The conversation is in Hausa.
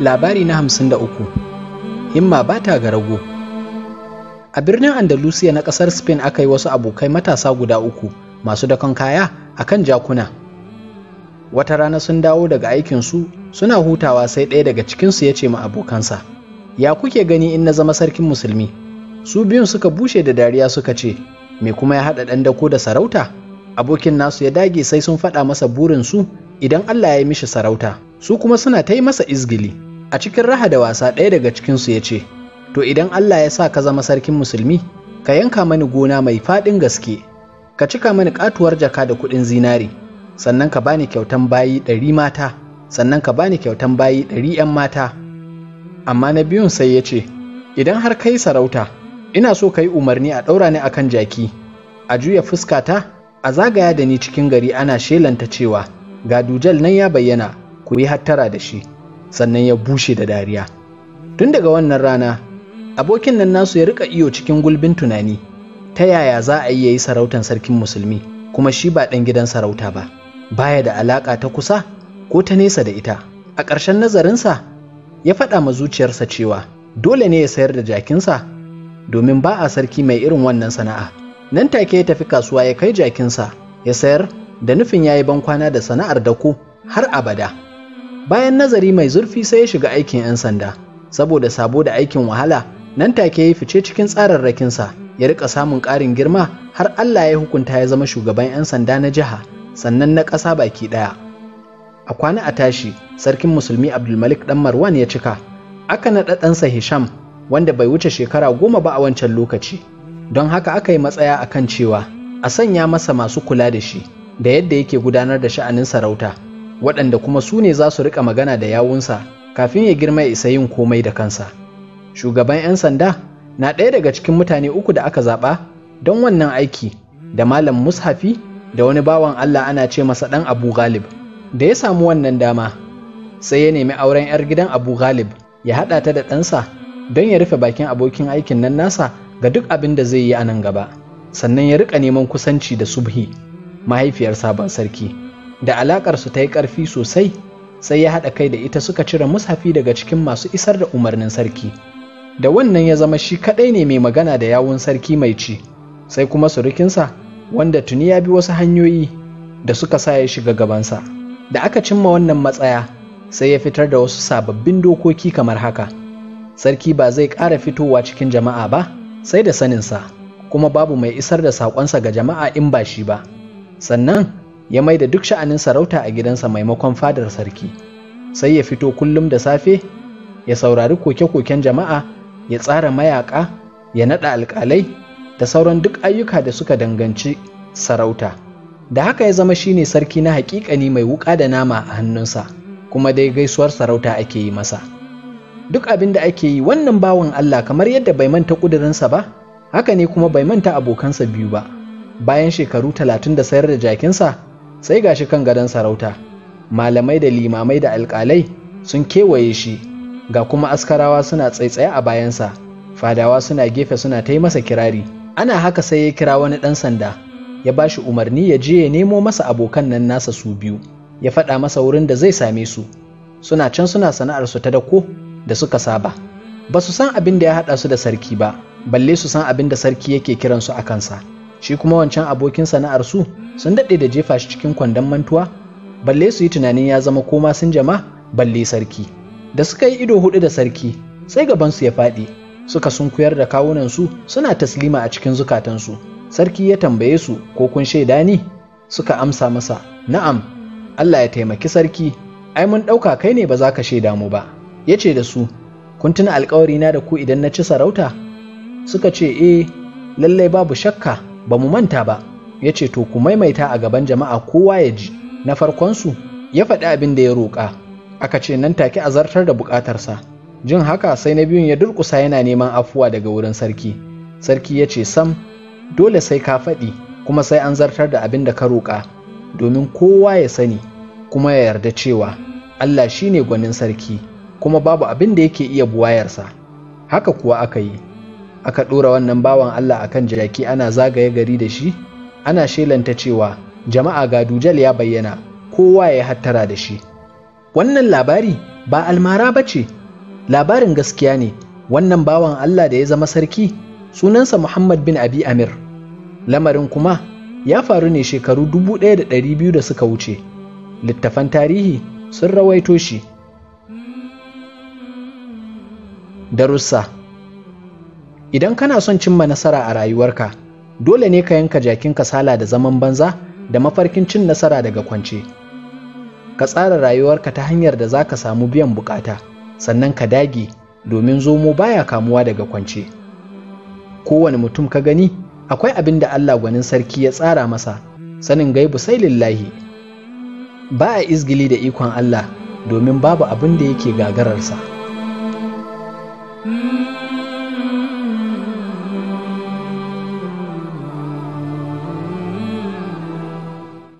Labari na hamsin da uku Himma ba ta ga rago A birnin Andalusiya na ƙasar Spain aka yi wasu abokai matasa guda uku masu dakon kaya a kan jakuna. Wata rana sun dawo daga aikinsu suna hutawa sai ɗaya daga cikinsu ya ce ma abokansa, Ya kuke gani in na zama sarkin musulmi? Su biyun suka bushe da dariya suka ce, Me kuma ya haɗa ɗan dako da sarauta? abokin nasu ya dage sai sun faɗa masa burinsu idan Allah ya yi mishi sarauta su kuma suna ta yi masa izgili a cikin raha da wasa ɗaya daga cikinsu ya ce to idan Allah ya sa ka zama sarkin musulmi ka yanka mani gona mai faɗin gaske ka cika mani katuwar jaka da kuɗin zinari sannan ka bani kyautan bayi ɗari mata sannan ka bani kyautan bayi ɗari ‘yan mata amma na biyun sai ya ce idan har ka yi sarauta ina so ka yi umarni a ɗaura ni akan jaki a juya fuskata a zagaya da ni cikin gari ana shelanta cewa ga dujal nan ya bayyana ku yi hattara da shi sannan ya bushe da dariya tun daga wannan rana abokin nan nasu ya rika iyo cikin gulbin tunani ta yaya za a yi ya yi sarautan sarkin musulmi kuma shi ba ɗan gidan sarauta ba baya da alaƙa ta kusa ko ta nesa da ita a ƙarshen nazarinsa ya faɗa ma zuciyarsa cewa dole ne ya sayar da jakinsa domin ba a sarki mai irin wannan sana'a nan take ya tafi kasuwa ya kai jakinsa ya sayar da nufin ya yi bankwana da sana'ar da ku har abada bayan nazari mai zurfi sai ya shiga aikin 'yan sanda saboda sabo da aikin wahala nan take ya yi fice cikin tsararrakinsa ya rika samun ƙarin girma har allah ya hukunta ya zama shugaban 'yan sanda na jiha sannan na ƙasa baki ɗaya a kwana a tashi sarkin musulmi abdulmalik dan marwan ya cika aka naɗa ɗansa hisham wanda bai wuce shekara goma ba a wancan lokaci don haka aka yi matsaya a kan cewa a sanya masa masu kula da shi da yadda yake gudanar da sha'anin sarauta waɗanda kuma su ne za su riƙa magana da yawunsa kafin ya girma isa yin komai da kansa shugaban 'yan sanda na ɗaya daga cikin mutane uku da aka zaɓa don wannan aiki da malam mushafi da wani bawan allah ana ce masa ɗan abu galib da ya samu wannan dama sai ya nemi auren 'yar gidan abu galib ya haɗa ta da ɗansa don ya rufe bakin abokin aikin nan nasa ga duk abin da zai yi a nan gaba sannan ya rika neman kusanci da subhi mahaifiyar sabon sarki da alakar ta yi ƙarfi sosai sai ya haɗa kai da ita suka cire musafi daga cikin masu isar da umarnin sarki da wannan ya zama shi kaɗai ne mai magana da yawun sarki mai ci sai kuma surukinsa wanda tuni ya bi wasu hanyoyi da suka sa ya shiga gabansa da aka cimma wannan matsaya sai ya fitar da wasu sababbin dokoki kamar haka sarki ba zai ƙara fitowa cikin jama'a ba sai da saninsa kuma babu mai isar da saƙonsa ga jama'a in ba shi ba sannan ya mai da duk sha'anin sarauta a gidansa maimakon fadar sarki sai ya fito kullum da safe ya saurari koke-koken jama'a ya tsara mayaƙa ya naɗa alƙalai da sauran duk ayyuka da suka danganci sarauta da haka ya zama shine sarki na haƙiƙani mai wuƙa da nama a hannunsa kuma dai gaisuwar sarauta ake yi masa. duk abin da ake yi wannan bawan Allah kamar yadda bai manta ƙudurinsa ba haka ne kuma bai manta abokansa biyu ba bayan shekaru talatin da sayar da jakinsa sai ga shi kan gadon sarauta malamai da limamai da alƙalai sun kewaye shi ga kuma askarawa suna tsaitsaye a bayansa fadawa suna gefe suna ta masa kirari ana haka sai ya kira wani ɗan sanda ya ba shi umarni ya je ya nemo masa abokan nan nasa su biyu ya faɗa masa wurin da zai same su suna can suna sana'arsu ta dako da suka saba ba su san abin da ya haɗa su da sarki ba balle su san abin da sarki yake kiran su a kansa shi kuma wancan abokin sana'ar su sun daɗe da jefa shi cikin kwandon mantuwa balle su yi tunanin ya zama koma sun jama balle sarki da suka yi ido huɗu da sarki sai gabansu ya faɗi suka sun sunkuyar da kawunansu suna taslima a cikin zukatansu sarki ya tambaye su ko kun shaida ni suka amsa masa na'am Allah ya taimaki sarki ai mun ɗauka kai ne ba za ka shaida mu ba ya ce da su kun tuna na da ku idan na ci sarauta suka ce e lallai babu shakka ba mu manta ba ya ce to ku maimaita a gaban jama'a kowa ya ji na farkonsu ya faɗi abin da ya roƙa aka ce nan take a zartar da buƙatarsa jin haka sai na biyun ya durƙusa yana neman afuwa daga wurin sarki sarki ya ce sam dole sai ka faɗi kuma sai an zartar da abin da ka roƙa domin kowa ya sani kuma ya yarda cewa Allah shine gwanin sarki. kuma babu abin da yake iya buwayarsa haka kuwa aka yi aka ɗora wannan bawan Allah a kan jiraki ana zagaye gari da shi ana shelanta cewa jama'a ga dujal ya bayyana kowa ya hattara da shi wannan labari ba almara ba ce labarin gaskiya ne wannan bawan Allah da ya zama sarki sunansa Muhammad bin Abi Amir lamarin kuma ya faru ne shekaru 1200 da suka wuce littafan tarihi sun rawaito shi Darussa Idan kana son cimma nasara a rayuwarka, dole ne ka yanka jakin kasala da zaman banza da mafarkin cin nasara daga kwance. Ka tsara rayuwarka ta hanyar da za ka samu biyan bukata, sannan ka dage domin zomo baya kamuwa daga kwance. Kowane mutum ka gani, akwai abin da Allah gwanin sarki ya tsara masa, sanin gaibu sai lillahi. Ba a izgili da ikon Allah domin babu abin da yake gagararsa.